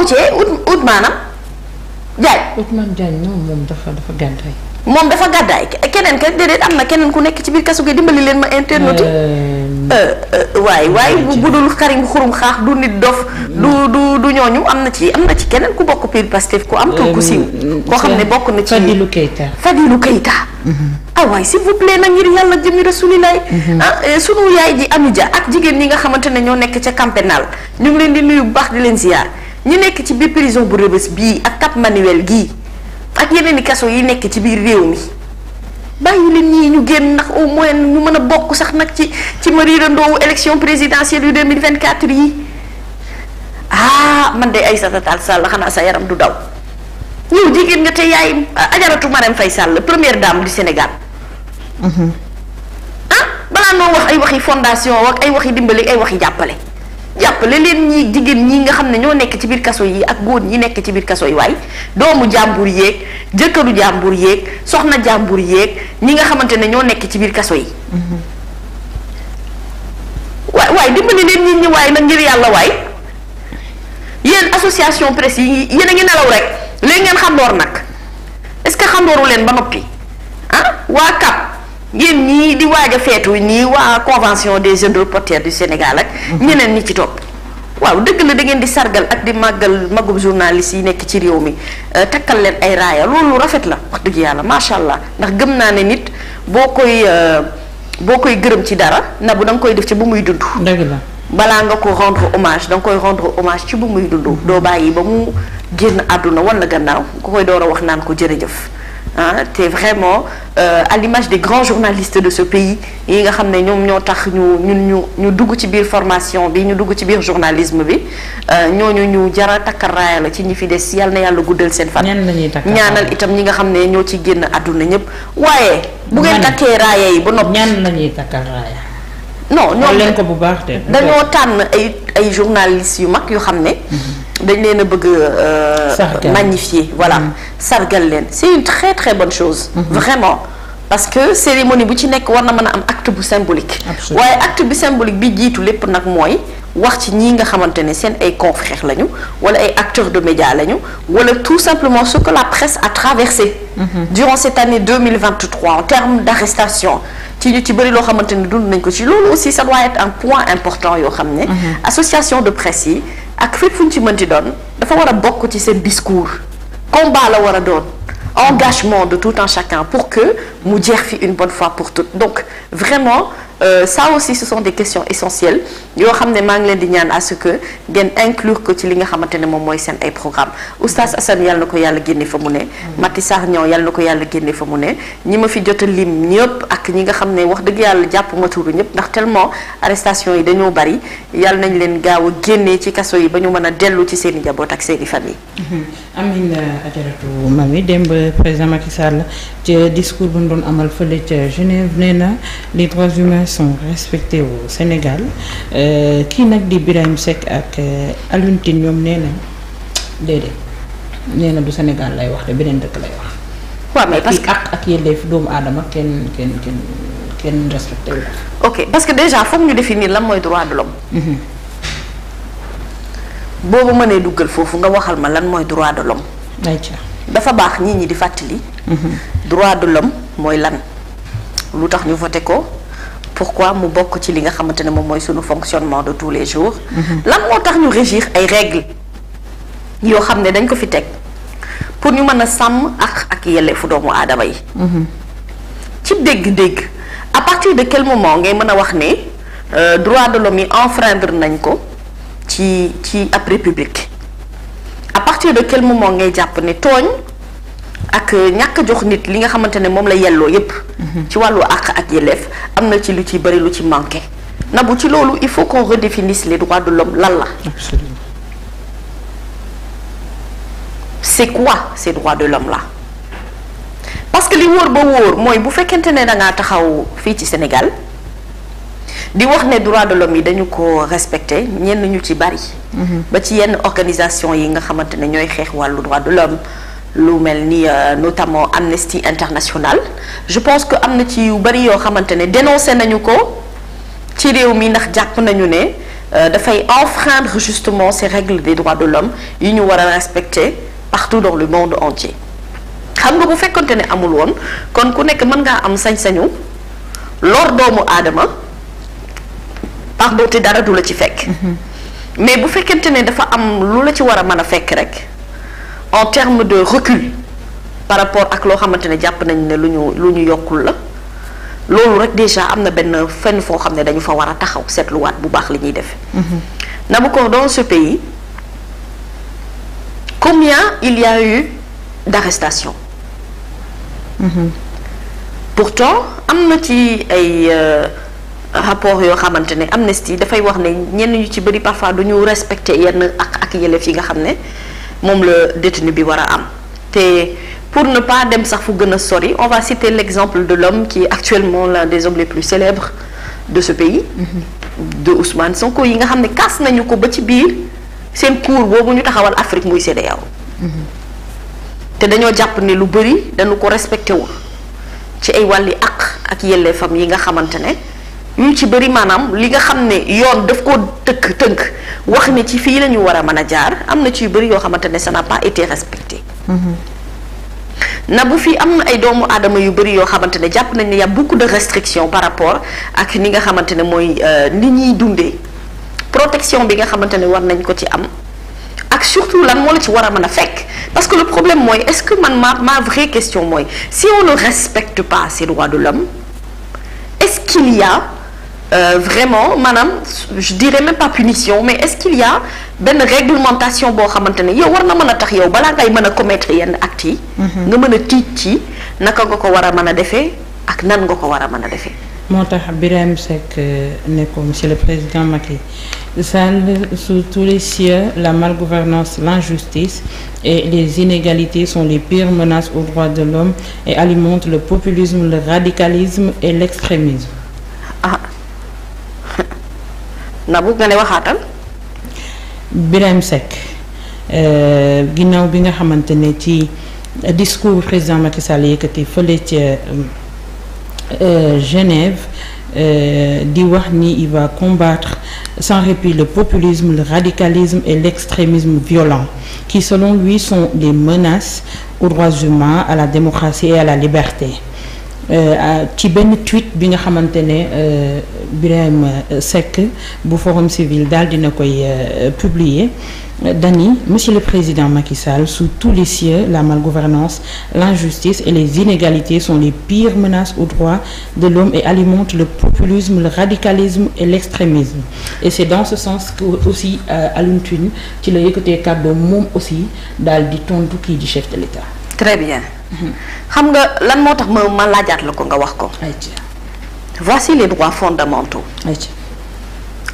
bokk ci ut ut maanaam jaay. ut maam jaay non moom dafa dafa gàddaay. moom dafa keneen ka déedéet am na keneen ku nekk ci biir kasu gi dimbali leen ma internet yi. Euh, euh, euh, waaye waaye bu dul Karim xurum xaax du nit dof. du mm. du du ñooñu am na ci am na ci keneen ku bokk biir Pastef ku am tur ku siiw. koo xam ne bokk na ci Fadilou Keita. Fadilou Keita. Mm-hmm. ah waay s'il vous plaît nag ngir yàlla jëmi rasulilaay. Mm-hmm. ah sunu yaay ji Amidia ak jigéen ñi nga xamante ne ñoo nekk ca camp pénal ñu ngi leen di nuyu bu baax di leen ziar. ñu nekk ci biir prison bu rëbës bii ak Cap Manuel gii ak yeneen i kaso yi nekk ci biir réew mi bàyyi leen ñii ñu génn ndax au moins ñu mën a bokk sax nag ci ci mariirandoowu élection présidentielle yu 2024 yi ah man de Aïssata Tall Sall xanaa sa yaram du daw ñëw jigéen nga te yaay ah, ajaratu Marème fay sàll première dame du Sénégal mhm. ah balaa noo wax ay waxi fondation ak ay waxi dimbali ay waxi jàppale jàppale leen ñi jigéen ñi nga xam ne ñoo nekk ci biir kaso yi ak góor ñi nekk ci biir kaso yi waay doomu jàmbur yéeg jëkkëru jàmbur yéeg soxna jàmbur yéeg ñi nga xamante ne ñoo nekk ci biir kaso yi mm-hmm. waay waay dimbali leen nit ñi waay nag ngir yàlla waay yéen association presse yi yéen a ngi nelaw rek léegi ngeen xandoor nag est-ce que xandooru leen ba noppi ah waa CAP yéen ñii di waaj a feetu nii waa convention des jeunes reporters du Sénégal ak mhm. ñeneen ñi ci topp waaw dëgg la da ngeen di sargal ak di màggal magum journaliste yi nekk ci réew mi euh, takkal leen ay raaya loolu rafet la wax dëgg yàlla macha allah ndax gëm naa ne nit boo koy euh, boo koy gërëm ci dara na bu da koy def ci bu muy dund dëgg la balaa nga ko rendre hommage da nga koy rendre hommage ci bu muy dund doo bàyyi ba mu génn àdduna wala gannaaw ku koy door a wax naan ko jërëjëf ah te vraiment euh, à l'image des grands journalistes de ce pays yi nga xam ne ñoom ñoo tax ñu ñun ñu ñu dugg ci biir formation bi ñu dugg ci biir journalisme bi euh, ñooñu ñu jara takkaraaya la ci ñi fi des yal na yàlla guddal seen fan ñaanal itam ñi nga xam ne ñoo ci génn àdduna ñëpp waaye bu ngeen takkee raaya yi ba noppi ñan lañuy takkal raaya leen ko bu baax de dañoo tànn ay ay yu mag yu xam ne mhm. dañ leen a bëgg euh, magnifier voilà mm. sargal leen c'est une très très bonne chose mm-hmm. vraiment parce que cérémonie bu ci nekk war na mën a am acte bu symbolique waaye acte bu symbolique bi jiitu lépp nag mooy wax ci ñii nga xamante ne seen ay confrères lañu wala ay acteurs de médias lañu wala tout simplement ce que la presse a traversé mm-hmm. durant cette année 2023 en termes d'arrestation ci ñu ci bëri loo xamante ne dund nañ ko ci loolu aussi ça doit être un point important yoo xam ne mm-hmm. association de presse yi ak fépp fu ñu ci mënti doon dafa war a bokk ci seen discours combat la war a doon engagement de tout un chacun pour que mu jeex fi une bonne fois pour toutes donc vraiment Euh, ça aussi ce sont des yoo xam ne maa ngi leen di ñaan à ce que ngeen inclure ko ci li nga xamante ne moom mooy seen ay programme oustaz Assane mm-hmm. yàlla na ko yàlla génne fa mu ne ñi ma fi jot a lim ñëpp ak ñi nga xam ne wax dëgg yàlla jàpp ma tuuru ñëpp ndax tellement arrestation yi dañoo bari yàlla nañ leen gaaw a génnee ci kaso yi ba ñu mën a dellu ci seen i njaboot ak seen famille. Mm-hmm. amiin ajaratu mami démb président Macky Sall ci discours bu ñu doon amal fële ca Genève nee na les droits humains sont respectés au Sénégal euh, kii nag di Birahim Seck ak euh, Alioune ñoom nee nañ déedéet nee na du Sénégal lay wax de beneen dëkk lay wax. waaw mais parce que ak ak yelleef doomu aadama kenn kenn kenn kenn respecté wu ok parce que déjà foog ñu définir lan mooy droit de l'homme mhm. boobu mënee duggal foofu nga waxal ma lan mooy droit de l'homme. dafa baax nit ñi di fàttali. droit de l'homme mooy lan lu tax ñu voté ko pourquoi mu bokk ci li nga xamante ne moom mooy sunu fonctionnement de tous les jours. Mhm. lan moo tax ñu régir ay règles yoo xam ne dañ ko fi teg pour ñu mën a sàmm ak ak yelleefu doomu aadama yi. Mhm. ci dégg-dégg à partir de quel moment ngay mën a wax ne euh, droit de l'homme yi enfreindre nañ ko ci ci ab république à partir de quel moment ngay jàpp ne tooñ. ak ñàkk jox nit li nga xamante ne moom la yelloo yépp mhm. ci wàllu àq ak yelleef am na ci lu ci bëri lu ci manqué na bu ci loolu il faut qu'on redéfinisse les droits de l'homme lan la absolument c'est quoi ces parce que li wóor ba wóor mooy bu fekkente ne da ngaa taxaw fii ci Sénégal di wax ne droits de l'homme yi dañu ko respecté ñenn ñu ci bari. Mhm. ba ci yenn organisation yi nga xamante ne ñooy xeex wàllu droit de l'homme lu mel ni euh, notamment Amnesty International je pense que am na ci yu bari yoo xamante ne dénoncé nañu ko ci réew mi ndax jàpp nañu ne euh, dafay enfreindre justement ces règles des droits de l'homme yi ñu war a respecter partout dans le monde entier xam nga bu fekkante ne amul woon kon ku nekk mën ngaa am sañ-sañu lor doomu aadama pardon te dara du la ci fekk mm-hmm. mais bu fekkente ne dafa am lu la ci war a mën a fekk rek en termes de recul par rapport ak loo xamante ne jàpp nañ ne lu ñu lu ñu yokkul la loolu rek déjà am na benn fenn foo xam ne dañu fa war a taxaw seetluwaat bu baax li ñuy def mm-hmm. na bu ko dans ce pays combien il y a eu d'arrestations mm-hmm. pourtant am na ci ay euh, rapport yoo xamante ne Amnesty dafay wax ne ñenn ñu ci bëri parfois du ñu respecter yenn ak ak yelleef yi nga xam ne moom la détenu bi war a am te pour ne pas dem sax fu gën a sori on va citer l'exemple de l'homme qui actuellement la des hommes les plus célèbres de ce pays mm-hmm. de Ousmane Sonko yi nga xam ne kaas nañu ko ba ci biir seen cours boobu ñu taxawal Afrique muy CEDEAO mm-hmm. te dañoo jàpp ni lu bëri dañu ko respecté wul ci ay wàlli àq ak yelleefam yi nga xamante ne ñu ci bëri maanaam li nga xam ne yoon daf ko tëkk tënk wax ne ci fii la ñu war a mën a jaar am na ci yu bëri yoo xamante ne ça n'a pas été respecté. Mhm. na bu fii am na ay doomu aadama yu bëri yoo xamante ne jàpp nañ ne y bukk de restrictions par rapport ak ni nga xamante ne mooy euh, nit ñuy dundee protection bi nga xamante ne war nañ ko ci am. ak surtout lan moo la ci war a mën a fekk parce que le problème mooy est-ce que man ma ma vraie question mooy si on ne respecte pas ces de l'homme Euh, vraiment maanaam je dirais même pas punition mais est-ce qu'il y benn réglementation boo xamante ne yow war na mën a tax yow balaa ngay mën a commettre yenn actes yi. Mhm. nga mën a tiit ci naka nga ko war a mën a defee ak nan nga ko war a mën a defee. moo tax Birahim Seck euh, ne ko monsieur le président Macky Sall sous tous les cieux la malgouvernance l'injustice et les inégalités sont les pires menaces aux droits de l'homme et alimentent le populisme le radicalisme e l'extrémisme Nabou nga ne waxaatal. Birahim Seck euh, ginnaaw bi nga xamante ne ci discours président Macky Sall yëkkati fële ca euh, euh, Genève di wax ni il va combattre sans répit le populisme le radicalisme et l'extrémisme violent qui selon lui sont des menaces aux droits humains à la démocratie et à la liberté. Euh, ci benn tweet bi nga xamante ne euh, Birahim euh, Seck bu Forum Civil daal dina koy publier dani monsieur le président Macky Sall sous tous les cieux la malgouvernance l'injustice et les inégalités sont les pires menaces aux droits de l'homme et alimentent le populisme le radicalisme et l'extrémisme et c'est dans ce sens aussi Alioune ci la yëkkatee kàddoom moom aussi daal di tontu kii di chef de l'État très bien xam nga lan moo tax ma ma laajaat la ko nga wax ko. voici les droits fondamentaux.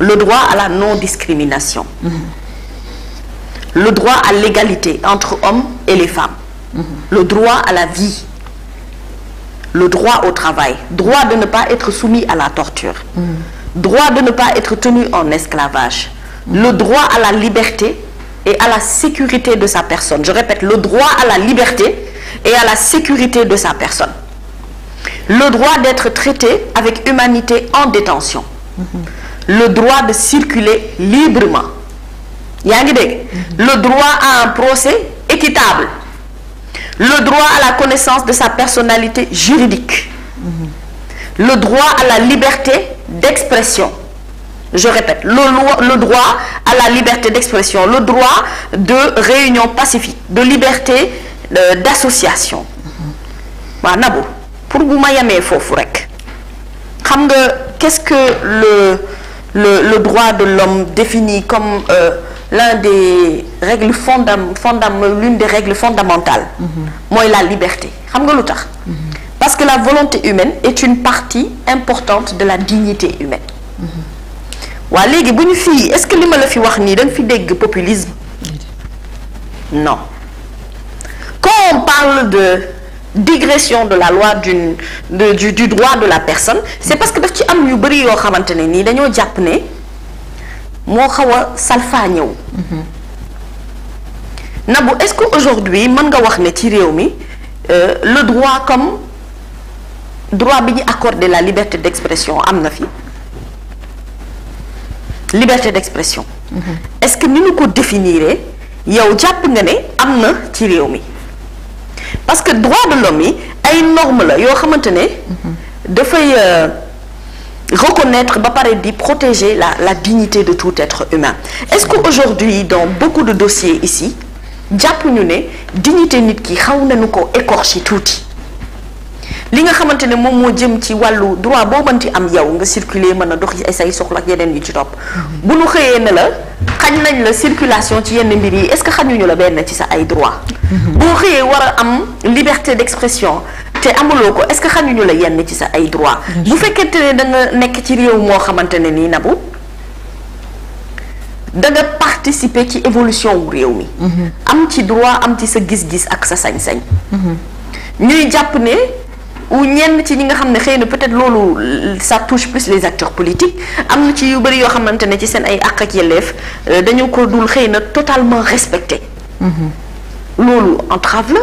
le droit à la non discrimination. le droit à l'égalité entre hommes et les femmes. le droit à la vie. le droit au travail droit de ne pas être soumis à la torture. droit de ne pas être tenu en esclavage. le droit à la liberté et à la sécurité de sa personne je répète le droit à la liberté. et à de sa personne. Le droit d'être traité avec humanité en détention. Le droit de circuler librement. yaa ngi dégg le droit à un procès équitable. le droit à la connaissance de sa personnalité juridique. le droit à la liberté d'expression. je répète le loi droit à la liberté d'expression le droit de liberté d'association waaw Nabou pour bu ma yemee foofu rek xam nga qu'est-ce que le le le droit de l'homme définit comme euh, l'un des règles fondam fondam l'une des règles fondamentales mm-hmm. mooy mm -hmm. la liberté xam nga lu tax mm-hmm. parce que la volonté humaine est une partie importante de la dignité humaine mm-hmm. waa léegi bu ñu fii est-ce que li ma la fi wax nii danga nga fi dégg populisme non parle de digression de la loi d'une de, du, du droit de la personne c'est parce que daf ci am yu bëri yoo xamante ne nii dañoo jàpp ne moo xaw a salfaa ñëw mm-hmm. Nabou est-ce que aujourd'hui mën nga wax ne ci réew mi euh, le droit comme droit bi ñu accordé la liberté d'expression am na fii liberté d'expression. Mm -hmm. est-ce que ni ñu ko définir yow jàpp nga ne am na ci réew mi. parce que droit de l'homme yi ay normes la yoo xamante ne dafay euh, reconnaître ba pare di protéger la la dignité de tout être humain est-ce que aujourd'hui dans beaucoup de dossiers ici jàpp ñu ne dignité nit ki xaw nañu ko écorcher tuuti li nga xamante ne moom moo jëm ci wàllu droit boo mënti am yow nga circuler mën a dox ay say soxla ak yeneen yu ci topp mhm. bu nu xëyee ne la xañ nañ la circulation ci yenn mbir yi est-ce que xañuñu la benn ci sa ay droit mhm. boo xëyee war a am liberté d'expression te amuloo ko est-ce que xañuñu la yenn ci sa ay droit bu fekkente ne da nga nekk ci réew moo xamante ne nii nabu da nga participer ci évolution wu réew mi mhm. am ci droit am ci sa gis-gis ak sa sañ-sañ ñuy jàpp ne ou ñenn ci ñi nga xam ne xëy na peut-être loolu ça touche plus les acteurs politiques am na ci yu bëri yoo xamante ne ci seen ay àq ak yelleef euh, dañu ko dul xëy na totalement respecté. Mm-hmm. loolu entrave la.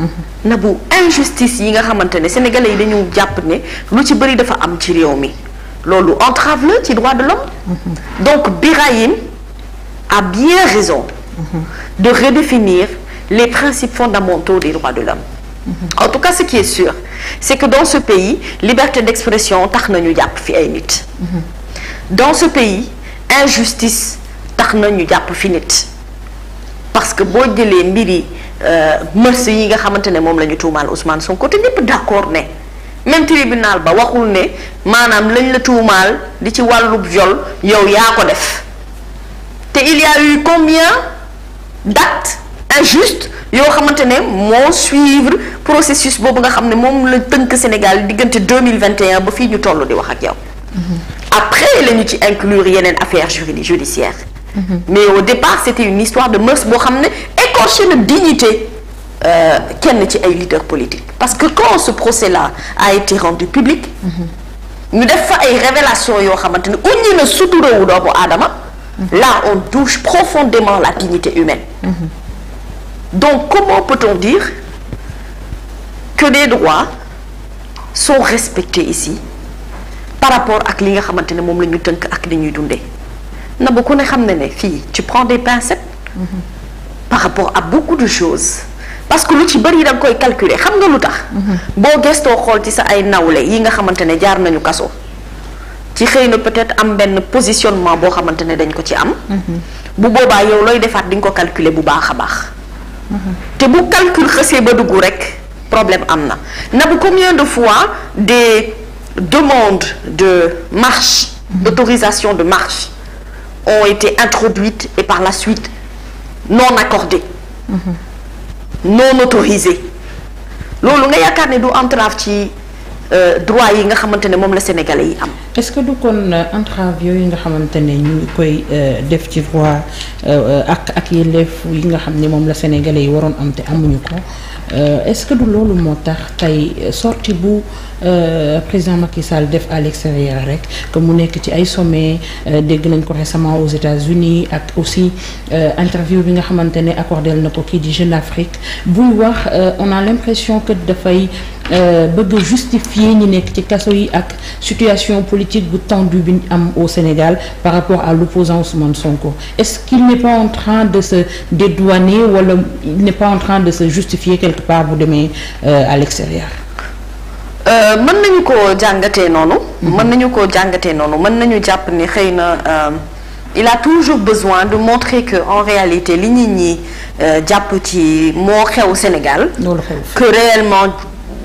Mm-hmm. na bu injustice yi nga xamante ne sénégalais yi dañu jàpp ne lu ci bëri dafa am ci réew mi loolu entrave la ci droit de l'homme mm-hmm. donc Birahim a bien raison. de redéfinir les principes fondamentaux des droits de l'homme en tout cas ce qui est sûr c'est que dans ce pays liberté d'expression tax nañu jàpp fi ay nit dans ce pays injustice tax nañu jàpp fi nit parce que boo jëlee mbiri euh, mërs yi nga xamante ne moom la ñu tuumaal Ousmane Sonko te ñëpp d'accord ne même tribunal ba waxul ne maanaam lañ la tuumaal di ci wàllu viol yow yaa ko def te il y eu combien d'actes injustes yoo xamante ne moo suivre processus boobu nga xam ne moom la tënk Sénégal diggante deux mille vingt ba fii ñu toll di wax ak yow. après la ñu ci inclure yeneen affaire juridique judiciaire. Mm -hmm. mais au départ c'était une histoire de mœurs boo xam ne écorché na dignité euh, kenn ci ay leader politique parce que quand ce procès la a été rendu public. ñu def fa ay révélation yoo xamante ne uññi na suturawu doomu aadama. là on touche profondément la dignité humaine. Mm Donc comment peut-on dire que les droits sont respectés ici par rapport ak li nga xamante ne moom la ñu tënk ak li ñuy dundee na bu ku ne xam ne ne fii tu prends des pincettes par rapport à beaucoup de choses parce que lu ci bëri da koy calculer xam nga lu tax boo gestoo xool ci sa ay nawle yi nga xamante ne jaar nañu kaso ci xëy na peut-être am benn positionnement boo xamante ne dañ ko ci am mhm. bu boobaa yow looy defaat di ko calculer bu baax a baax te bu calcul xësee ba dugg rek problème am na na bu combien de fois des demandes de marche mhm. d'autorisation de marche ont été introduites et par la suite non accordées mhm. non autorisées loolu nga yaakaar ne du entrave ci Euh, droit yi nga xamante ne moom la sénégalais yi am. est que du kon euh, entrave yooyu nga xamante ne ñu ngi koy euh, def ci droit ak ak yelleef yi nga xam ne moom la sénégalais yi waroon am te amuñu ko est-ce que du loolu moo tax tey sortie bu président Macky Sall def à rek que mu nekk ci ay sommets dégg nañ ko récemment aux États-Unis ak aussi interview bi nga xamante ne accordé na ko kii di Jeune Afrique buy wax on a l'impression que dafay. Euh, bëgg justifier ñi nekk ci kaso yi ak situation politique bu tendue bi ñu am au Sénégal par rapport à l'opposant Ousmane Sonko est-ce qu'il n'est pas en train de se dédouaner wala il n'est pas en train de se justifier quelque part bu demee euh, à l'extérieur euh, mën nañu ko jàngatee noonu mhm. mën nañu ko jàngatee noonu mën nañu jàpp ni xëy na il a toujours besoin de montrer que en réalité li nit ñi jàpp ci moo xew Sénégal que réellement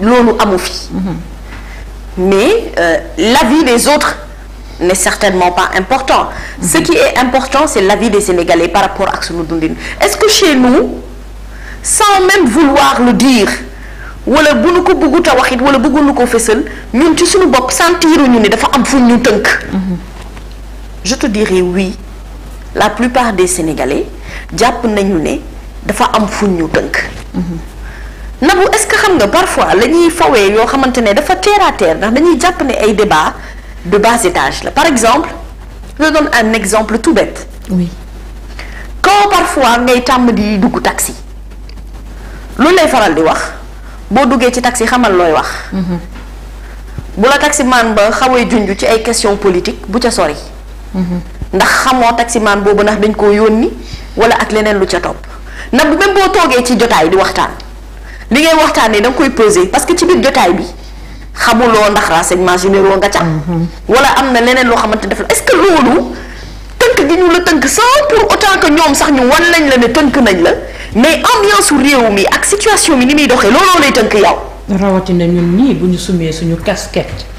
loolu amu fi. Mhm. mais euh, l'avis des autres n'est certainement pas important. Mm -hmm. ce mhm. qui est important c'est l'avis des Sénégalais par rapport ak sunu dundin est-ce que chez nous sans même vouloir le dire wala bu nu ko bëggut a wax it wala bëgguñu ko fësal ñun ci suñu bopp sentiruñu ne dafa am fu ñu tënk. Mhm. je te dirais oui la plupart des Sénégalais jàpp nañu ne dafa am fu ñu tënk. Nabou est-ce que xam nga parfois la ñuy fawee yoo xamante ne dafa terre ndax dañuy jàpp ne ay débat de bas la par exemple je donne exemple tout bête. oui ngay tàmm di dugg taxi loolu lay faral di wax boo duggee ci taxi xamal looy wax. Mhm. bu la taximaan ba xawee junj ci ay question politique bu ca sori. Mhm. ndax xamoo taximaan boobu ndax dañ koo yónni wala ak leneen lu ca topp Nabou même boo toogee ci jotaay di waxtaan. li ngay waxtaanee da nga koy peser parce que ci biir jotaay bi xamuloo ndax renseignement généraux nga ca. Mhm. wala am na leneen loo xamante def la est-ce que loolu tënk gi ñu la tënk sans pour autant que ñoom sax ñu wan lañ la ne tënk nañ la mais ambiance su réew mi ak situation bi ni muy doxee looloo lay tënk yow. rawatina ñun nii bu ñu sumee suñu casquette.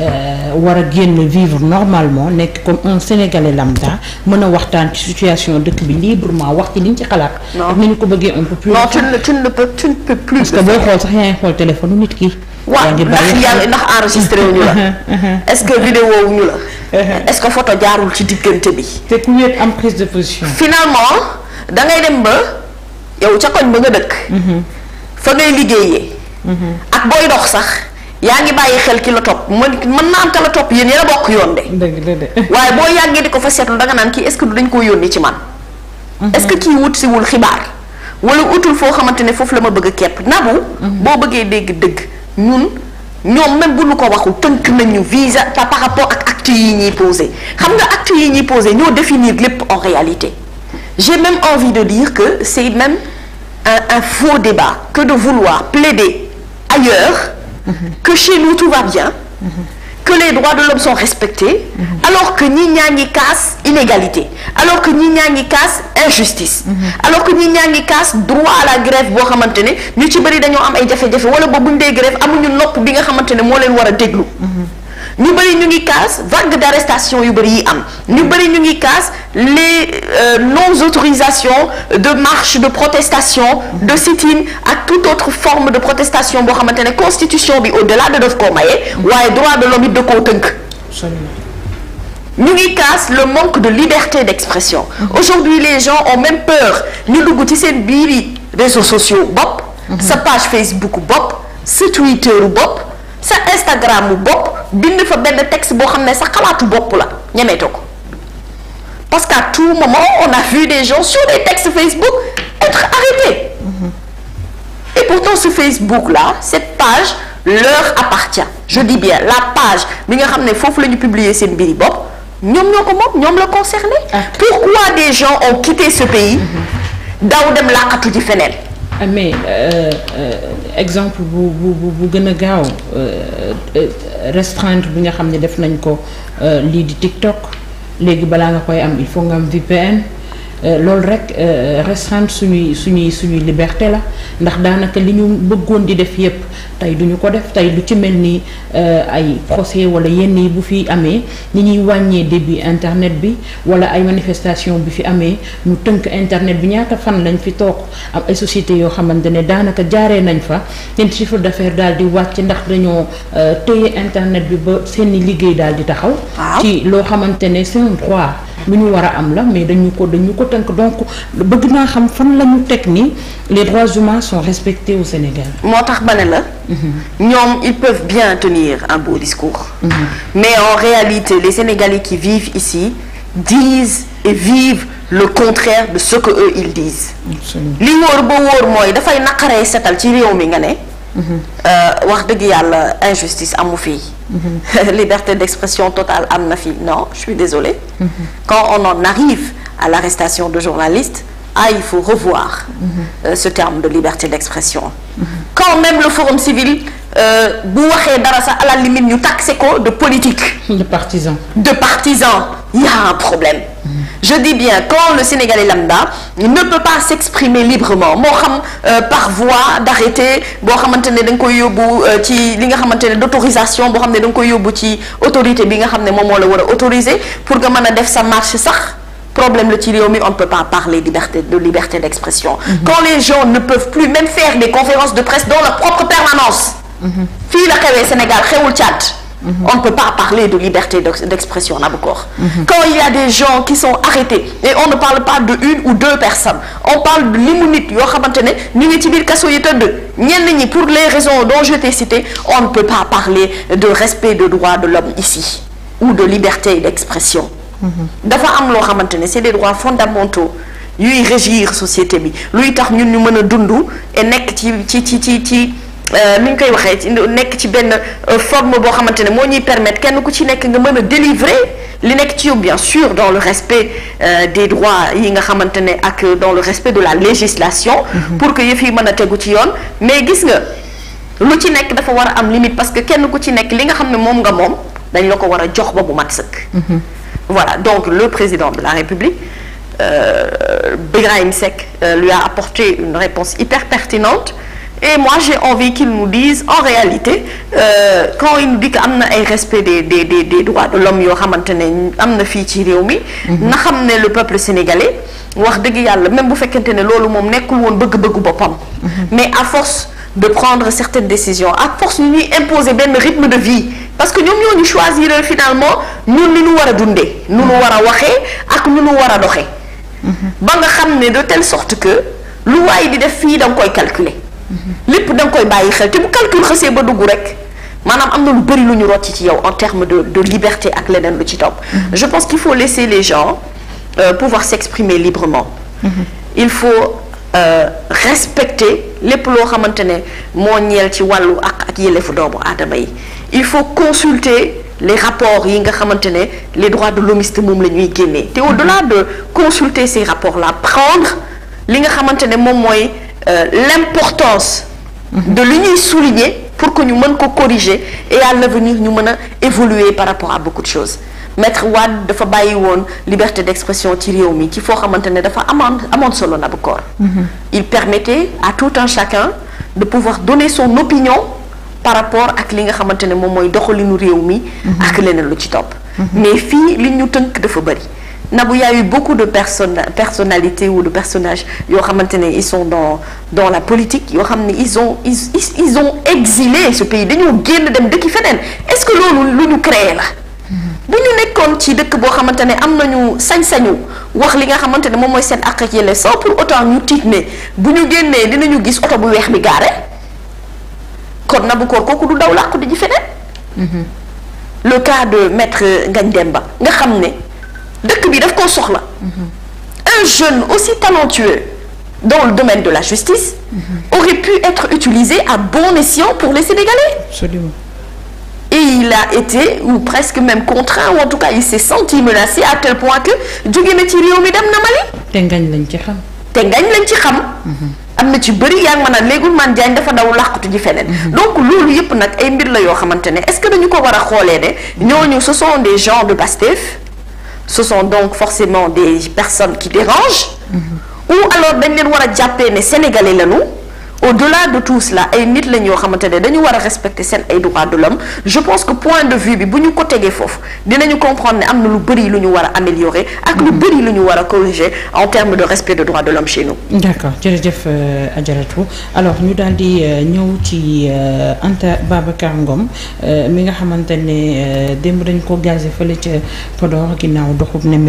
Euh, war a génn vivre normalement nekk comme un sénégalais lambda mën a waxtaan ci situation dëkk bi librement wax ci liñ ci xalaat. ak ni ñu ko bëggee un peu plus. non tu ne tu ne peux tu que booy xool sax yaa ngi xool téléphone nit ki. yaa ngi bàyyi ndax yàlla ñu la. Uh-huh, uh-huh. est-ce que vidéo wu ñu la. Uh-huh. est que photo jaarul ci diggante bi. te ku wéet am prise de position. finalement da ngay dem ba yow ca koñ ba nga dëkk. fa ngay liggéeyee. ak booy dox sax. yaa ngi bàyyi xel ki la topp mën mën na am ka la topp yéen yéen a bokk yoon de. dëgg la de waaye boo yàggee di ko fa seetlu danga naan kii est-ce que du dañ koo yónni ci man. Mm-hmm. est-ce que kii wut xibaar. wala wutul foo xamante ne foofu la ma bëgg kepp nabu. Mm-hmm. boo bëggee dégg dëgg ñun ñoom même bu ñu ko waxul tënk nañu visa par rapport ak actes yi ñuy posé xam nga actes yi ñuy posé ñoo définir lépp en réalité. j'ai même envie de dire que c'est même un un faux débat que de vouloir plaider ailleurs. que chez nous tout va bien que les droits de l'homme sont respectés alors que ñi ñaa ngi casse inégalité alors que ñi ñaa ngi casse injustice alors que ñi ñaa ngi casse droit à la grève boo xamante ne ñu ci bari dañoo am ay jafe-jafe wala ba buñ dee grève amuñu nopp bi nga xamante ne moo leen war a déglu ñu bëri ñu ngi casse vague d' arrestation yu bëri yi am ñu bëri ñu ngi casse les euh, non autorisations de marche de protestation de sit-in ak toute autre forme de protestation boo xamante ne constitution bi au delà de daf koo maye waaye droit de l'homme it da ñu ngi casse le manque de liberté d'expression mhm. aujourd'hui les gens ont même peur ñu dugg ci seen biiri réseaux sociaux bopp mhm. sa page Facebook bopp sa Twitter bopp sa Instagram bu bopp bind fa benn texte boo xam ne sa xalaatu bopp la ñemeete ko parce qu'à tout moment on a vu des gens sur des textes Facebook être arrêtés mm-hmm. et pourtant ce Facebook là cette page leur appartient je dis bien la page bi nga xam ne foofu la ñu publier seen mbiri bopp ñoom ñoo ko moom ñoom la concerné ah. pourquoi des gens ont quitté ce pays mm-hmm. daw dem laqatu ci feneen mais euh, euh, exemple bu bu bu gën a gaaw euh, restreindre bi nga xam ne def nañ ko lii di TikTok léegi balaa nga koy am il faut nga am VPN. Euh, loolu rek euh, restreindre suñuy suñuy suñuy liberté la ndax daanaka li ñu bëggoon di def yépp tey duñu ko def tey lu ci mel ni euh, ay procès wala yenn yi bu fi amee ni ñuy wàññee débit internet bi wala ay manifestation bi fi amee ñu tënk internet bi ñaata fan lañ fi toog am ay société yoo xamante ne daanaka jaaree nañ fa seen chiffre d'affaires daal di wàcc ndax dañoo téye internet bi ba seeni liggéey daal di taxaw ci loo xamante ne c'est lu ñu war a am la mais dañu ko dañu ko tënk donc bëgg naa xam fan la ñu teg nii les droits humains sont respectés au Sénégal. moo tax ba ne la. Mhm. ñoom ils peuvent bien tenir un beau discours. Mmh. mais en réalité les Sénégalais qui vivent ici disent et vivent le contraire de ce que eux ils disent. li wóor ba wóor mooy dafay naqaree setal ci réew mi nga ne. Euh, wax dëgg yàlla injustice amu fii mhm. liberté d'expression totale am na fii non je suis désolée mhm. quand on en arrive à l'arrestation de journalistes ah, il faut revoir mhm. euh, ce terme de liberté d'expression quand même le forum civil euh, bu waxee dara sax à la limite ñu de politique de partisan il y a un problème je dis bien quand le Sénégalais lambda ne peut pas s'exprimer librement moo xam euh, par voie d'arrêté boo xamante ne da nga koy yóbbu euh, ci li nga xamante ne d'autorisation boo xam ne da nga koy yóbbu ci autorité bi nga xam ne moom moo la war a autoriser pour nga mën a def sa marche sax problème la ci réew mi on ne peut pas parler liberté de liberté d'expression mm-hmm. quand les gens ne peuvent plus même faire des conférences de presse dans leur propre permanence mm-hmm. fii la xewee Sénégal xewul Tchad on ne peut pas parler de liberté d'expression Nabokor. Mhm. quand il y a des gens qui sont arrêtés et on ne parle pas de ou deux personnes on parle de li mu nit yoo xamante ne ñu ngi ci biir kaso yi tëdd pour les raisons dont je t'ai cité on ne peut pas parler de respect de droits de l'homme ici ou de liberté d'expression mhm. dafa am loo xamante ne c'est des droits fondamentaux yuy régir société bi luy tax ñun ñu mën a dund et nekk ci ci ci Euh, ni ñu koy waxee ci nekk ci benn euh, forme boo xamante ne moo ñuy permettre kenn ku ci nekk nga mën a délivrer li nekk ci yow bien sûr dans le respect euh, des yi nga xamante ne ak euh, dans le respect de la législation. Mm-hmm. pour que yëf yi mën a tegu ci yoon mais gis nga lu ci nekk dafa war a am limite parce que kenn ku ci nekk li nga xam ne moom nga moom dañ la ko war a jox ba bu mat sëkk. Mm-hmm. voilà donc le président de la République. Euh, Birahim Seck euh, lui a apporté une réponse hyper pertinente et moi j'ai envie qu'ils nous disent en réalité euh, quand ils nous disent am na ay respect des des des des droits de l'homme yoo xamante ne am na fii ci réew mi mhm. na xam ne le peuple sénégalais wax dëgg yàlla même bu fekkante ne loolu moom nekkul woon bëgg-bëggu boppam mhm. mais à force de prendre certaines décisions à force ñu ñuy imposer benn rythme de vie parce que ñoom ñoo ñu choisir finalement ñun ni ñu war a dundee nu nu war a waxee ak nu nu war a doxee mhm. ba nga xam ne de telle sorte que lu waay di def fii da nga koy calculer lépp da nga koy bàyyi xel te bu calcul xasee ba dugg rek maanaam am na lu bëri lu ñu rocc ci yow en terme de de liberté ak leneen lu ci topp. Mm-hmm. je pense qu'il faut laisser les gens euh, pouvoir s'exprimer librement. Mm-hmm. il faut euh, lépp loo xamante ne moo ñeel ci wàllu ak ak yelleefu doomu aadama yi il faut consulter. les rapports yi nga xamante ne les droits de l'homiste moom la ñuy génnee te au-delà mm-hmm. de consulter ces rapports la prendre li nga xamante ne moom mooy Euh, l'importance mhm. de lu ñuy souligner pour que ñu mën ko corriger et à l'avenir ñu mën a évoluer par rapport à beaucoup de choses maître Wade dafa bàyyi woon liberté d'expression ci réew mi ci foo xamante ne dafa amoon amoon solo na bu mhm. il permettait à tout un chacun de pouvoir donner son opinion par rapport ak li nga xamante ne moom mooy doxalinu réew mi mhm. ak leneen lu ci topp mais fii li ñu tënk dafa bëri nabu y a beaucoup de personna personnalités ou de personnages yoo xamante ne ils sont dans dans la politique yoo xam ne ils ont ils ils ont exilé ce pays dañoo génn dem dëkki feneen est-ce que loolu lu ñu créé la. Mm-hmm. bu ñu nekkoon ci dëkk boo xamante ne am na ñu sañ-sañu wax li nga xamante ne moom mooy seen àq ak yelleef sans pour autant ñu tiit ne bu ñu génnee dinañu gis oto bu weex bi gaare kon nabu Cor kooku du daw làqu di ji feneen. Mm-hmm. le cas de maître Ngagne Demba nga xam ne. dëkk bi daf koo soxla un jeune aussi talentueux dans le domaine de la justice aurait pu être utilisé à bon escient pour les Sénégalais absolument et il a été ou presque même contraint ou en tout cas il s'est senti menacé à tel point que jóge na ci réew mi dem na Mali te ngañ lañ ci xam te ngañ lañ ci xam am na ci bëri yaa ngi mën a léegi man Diagne dafa daw làqatu ji feneen. Mhm. donc loolu yëpp nag ay mbir la yoo xamante ne est-ce que dañu ko war a xoolee ne ñooñu ce sont des gens de Pastef ce sont donc forcément des personnes qui dérangent. Mm-hmm. ou alors dañ leen war a jàppee ne sénégalais lañu au-delà de tout cela ay nit lañ yoo xamante ne dañu war a respecter seen ay droits de l'homme je pense que point de vue bi bu ñu ko tegee foofu dinañu comprendre ne am na lu bëri lu ñu war a améliorer ak lu bëri lu ñu war a corriger en termes de respect de droits de l'homme chez nous. d'accord jërëjëf euh, Adjaratou alors ñu daal di euh, ñëw ci euh, Anta Babacar Ngom mi nga xamante ne démb dañ ko gazé fële ca Podor ginnaaw doxub ne